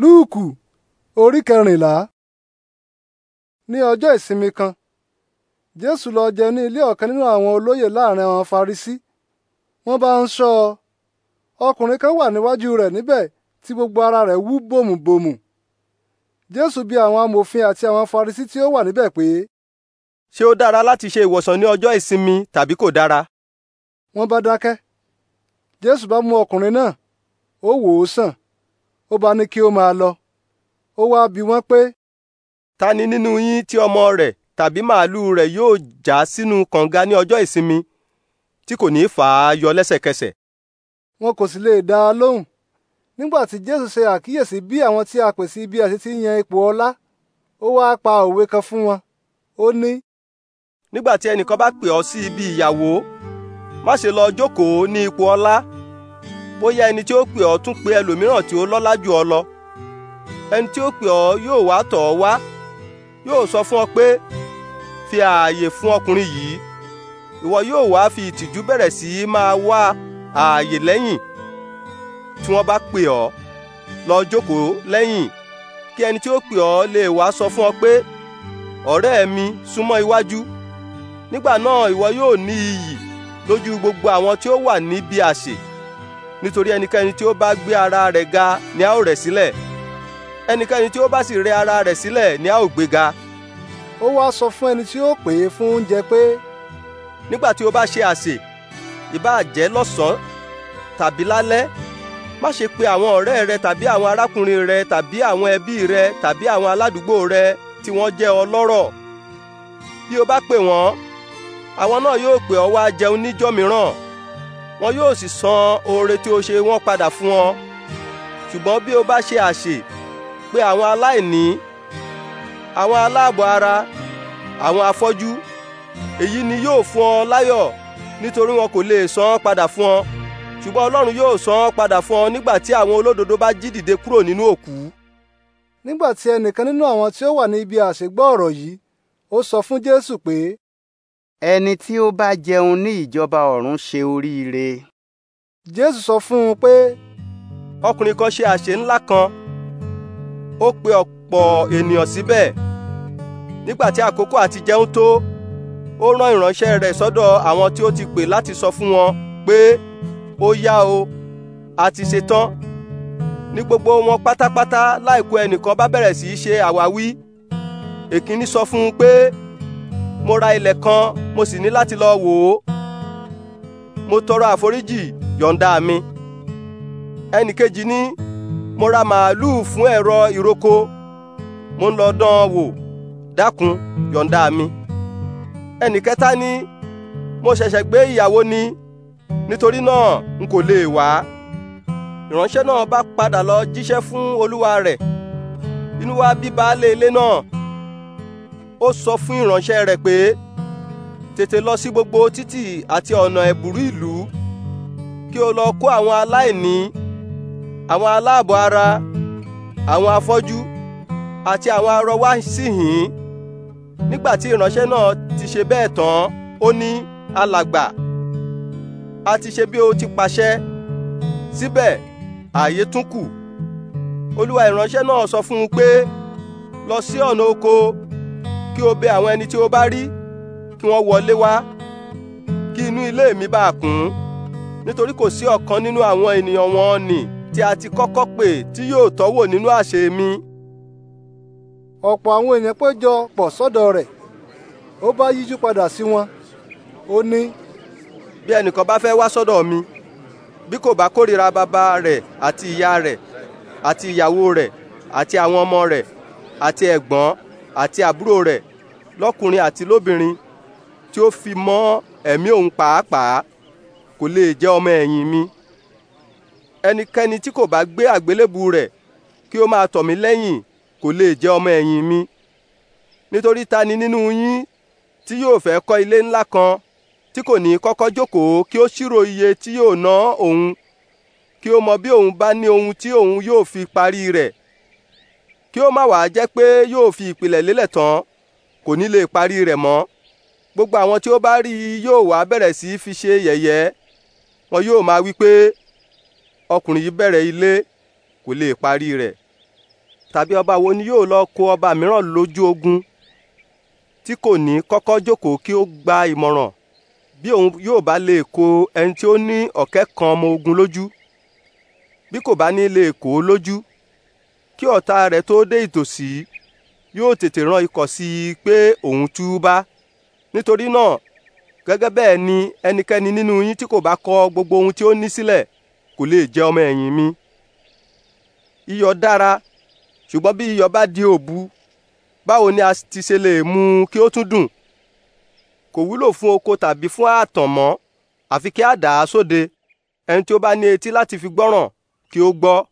lúùkù orí kẹrìnlá ní ọjọ́ ìsinmi kan jésù lọ jẹ ní ilé ọ̀kan nínú àwọn olóyè láàrin àwọn farisí wọ́n bá ń ṣọ́ ọ ọkùnrin kan wà níwájú rẹ̀ níbẹ̀ tí gbogbo ara rẹ̀ wú bòmùbòmù jésù bi àwọn amòfin àti àwọn farisí tí ó wà níbẹ̀ pé. ṣé ó dára láti ṣe ìwòsàn ní ọjọ́ ìsinmi tàbí kò dára. wọ́n bá dákẹ́ jésù bá mú ọkùnrin náà ó wò ó sàn ó bá ní kí ó máa lọ ó wá bi wọ́n pé. ta ni nínú yín tí ọmọ rẹ̀ tàbí màálùú rẹ̀ yóò já sínú kànga ní ọjọ́ ìsinmi tí kò ní í fà á yọ lẹ́sẹ̀kẹsẹ̀. wọn kò sì lè dá a lóhùn nígbà tí jésù ṣe àkíyèsí bí àwọn tí a pè sí ibi àti tí yan ipò ọlá ó wá pa òwe kan fún wọn ó ní. nígbà tí ẹnìkan bá pè ọ sí ibi ìyàwó má ṣe lọ jókòó ní ipò ọlá bóyá ẹni tí ó pè ọ́ tún pè ẹlòmíràn tí ó lọ́lá jù ọ lọ ẹni tí ó pè ọ́ yóò wá tọ̀ ọ́ wá yóò sọ fún ọ pé fi ààyè fún ọkùnrin yìí ìwọ yóò wá fi ìtìjú bẹ̀rẹ̀ sí í máa wá ààyè lẹ́yìn tí wọ́n bá pè ọ́ lọ jókòó lẹ́yìn kí ẹni tí ó pè ọ́ lè wá sọ fún ọ pé ọ̀rẹ́ mi súnmọ́ iwájú nígbà náà ìwọ yóò ní iyì lójú gbogbo àwọn tí ó wà níbi àsè nítorí ẹnikẹ́ni tí ó bá gbé ara rẹ̀ ga ni a ó rẹ̀ sílẹ̀ ẹnikẹ́ni tí ó bá sì rẹ̀ ara rẹ̀ sílẹ̀ ni a ó gbé ga. ó wá sọ fún ẹni tí ó pè é fún oúnjẹ pé. nígbà tí o bá ṣe àsè ìbáà jẹ́ lọ́sàn-án tàbí lálẹ́ má ṣe pe àwọn ọ̀rẹ́ rẹ tàbí àwọn arákùnrin rẹ tàbí àwọn ẹbí rẹ tàbí àwọn aládùúgbò rẹ tí wọ́n jẹ́ ọlọ́rọ̀ bí o bá pè wọ́n àwọn náà yóò pè ọ́ wá jẹun níjọ́ mìíràn wọn yóò sì san oore tí o ṣe wọ́n padà fún ọ ṣùgbọ́n bí o bá ṣe àṣe pé àwọn aláìní àwọn aláàbọ̀ ara àwọn afọ́jú èyí ni yóò fún ọ láyọ̀ nítorí wọn kò lè san án padà fún ọ ṣùgbọ́n ọlọ́run yóò san án padà fún ọ nígbà tí àwọn olódodo bá jí dìde kúrò nínú òkú. nígbà tí ẹnìkan nínú àwọn tí ó wà ní ibi àṣegbọ́ ọ̀rọ̀ yìí ó sọ fún jésù pé ẹni tí ó bá jẹun ní ìjọba ọ̀run ṣe oríire. jésù sọ fún un pé ọkùnrin kan ṣe àṣe ńlá kan ó pe ọ̀pọ̀ ènìyàn síbẹ̀ nígbà tí àkókò àti jẹun tó ó rán ìránṣẹ́ rẹ̀ sọ́dọ̀ àwọn tí ó ti pè láti sọ fún wọn pé ó yá o a ti ṣetán ní gbogbo wọn pátápátá láìkù ẹnìkan bá bẹ̀rẹ̀ sí í ṣe àwáwí èkíní sọ fún un pé mo ra ilẹ̀ kan mo sì ní láti lọ wò ó mo tọrọ àforíjì yọ̀ǹda mi ẹnìkejì ní mo ra màálùú fún ẹ̀rọ ìroko mo ń lọ dán an wò dákun yọ̀ǹda mi ẹnìkẹta ní mo ṣẹ̀ṣẹ̀ gbé ìyàwó ni nítorí náà n kò lè wá ìránṣẹ́ náà bá padà lọ jíṣẹ́ fún olúwa rẹ̀ inú wa bí baálé ilé náà ó sọ fún ìránṣẹ́ rẹ̀ pé tètè lọ sí gbogbo títì àti ọ̀nà ẹ̀bùrú ìlú kí o lọ kó àwọn aláìní àwọn aláàbọ̀ ara àwọn afọ́jú àti àwọn arọ síhìn nígbà tí ìránṣẹ́ náà ti ṣe bẹ́ẹ̀ tán ó ní alàgbà a ti ṣe bí o ti pàṣẹ síbẹ̀ ààyè tún kù olúwa ìránṣẹ́ náà sọ fún un pé lọ sí ọ̀nà oko kí o bẹ àwọn ẹni tí o bá rí kí wọ́n wọlé wá kí inú ilé mi bá kún nítorí kò sí ọ̀kan nínú àwọn ènìyàn wọn nì tí a ti kọ́kọ́ pè tí yóò tọ́wò nínú àṣẹ mi. ọ̀pọ̀ àwọn èèyàn péjọ pọ̀ sọ́dọ̀ rẹ̀ ó bá yíjú padà sí wọn ó ní. bí ẹnìkan bá fẹ́ wá sọ́dọ̀ mi bí kò bá kórìíra bàbá rẹ̀ àti ìyá rẹ̀ àti ìyàwó rẹ̀ àti àwọn ọmọ rẹ̀ àti ẹ̀gbọ́n àti àbúrò rẹ̀ lọ́kùnrin àti lóbìnrin tí ó fi mọ́ ẹ̀mí òun pàápàá kò lè jẹ́ ọmọ ẹ̀yìn mi ẹnikẹ́ni tí kò bá gbé àgbélébù rẹ̀ kí ó máa tọ̀ mí lẹ́yìn kò lè jẹ́ ọmọ ẹ̀yìn mi nítorí ta ni nínú yín tí yóò fẹ́ kọ́ ilé ńlá kan tí kò ní kọ́kọ́ jókòó kí ó ṣírò iye tí yóò ná òun kí ó mọ bí òun bá ní ohun tí òun yóò fi parí rẹ̀ kí ó má wàá jẹ́ pé yóò fi ìpìlẹ̀ lélẹ̀ tán kò ní lè parí rẹ̀ mọ́ gbogbo àwọn tí ó bá rí i yóò wá bẹ̀rẹ̀ sí í fi ṣe yẹ̀yẹ́ wọn yóò máa wí pé ọkùnrin yìí bẹ̀rẹ̀ ilé kò lè parí rẹ̀ tàbí ọba wo ni yóò lọ kó ọba mìíràn lójú ogun tí kò ní kọ́kọ́ jókòó kí ó gba ìmọ̀ràn bí òun yóò bá lè kó ẹni tí ó ní ọ̀kẹ́ kan ọmọ ogun lójú bí kò bá ní lè kó lójú kí ọ̀tá rẹ̀ tó dé ìtòsí yóò tètè rán ikọ̀ sí i pé òun túbá nítorí náà gẹ́gẹ́ bẹ́ẹ̀ ni ẹnikẹ́ni nínú yín tí kò bá kọ gbogbo ohun tí ó ní sílẹ̀ kò lè jẹ́ ọmọ ẹ̀yìn mi iyọ̀ dára ṣùgbọ́n bí iyọ̀ bá di òbu báwo ni a ti ṣe lè mú un kí ó tún dùn kò wúlò fún oko tàbí fún ààtàn mọ́ àfi kí a dà á sóde ẹni tí ó bá ní etí láti fi gbọ́ràn kí ó gbọ́